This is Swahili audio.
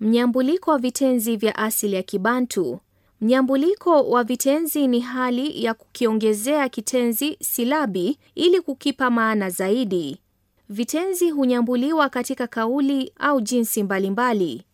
Mnyambuliko wa vitenzi vya asili ya Kibantu. Mnyambuliko wa vitenzi ni hali ya kukiongezea kitenzi silabi ili kukipa maana zaidi. Vitenzi hunyambuliwa katika kauli au jinsi mbalimbali.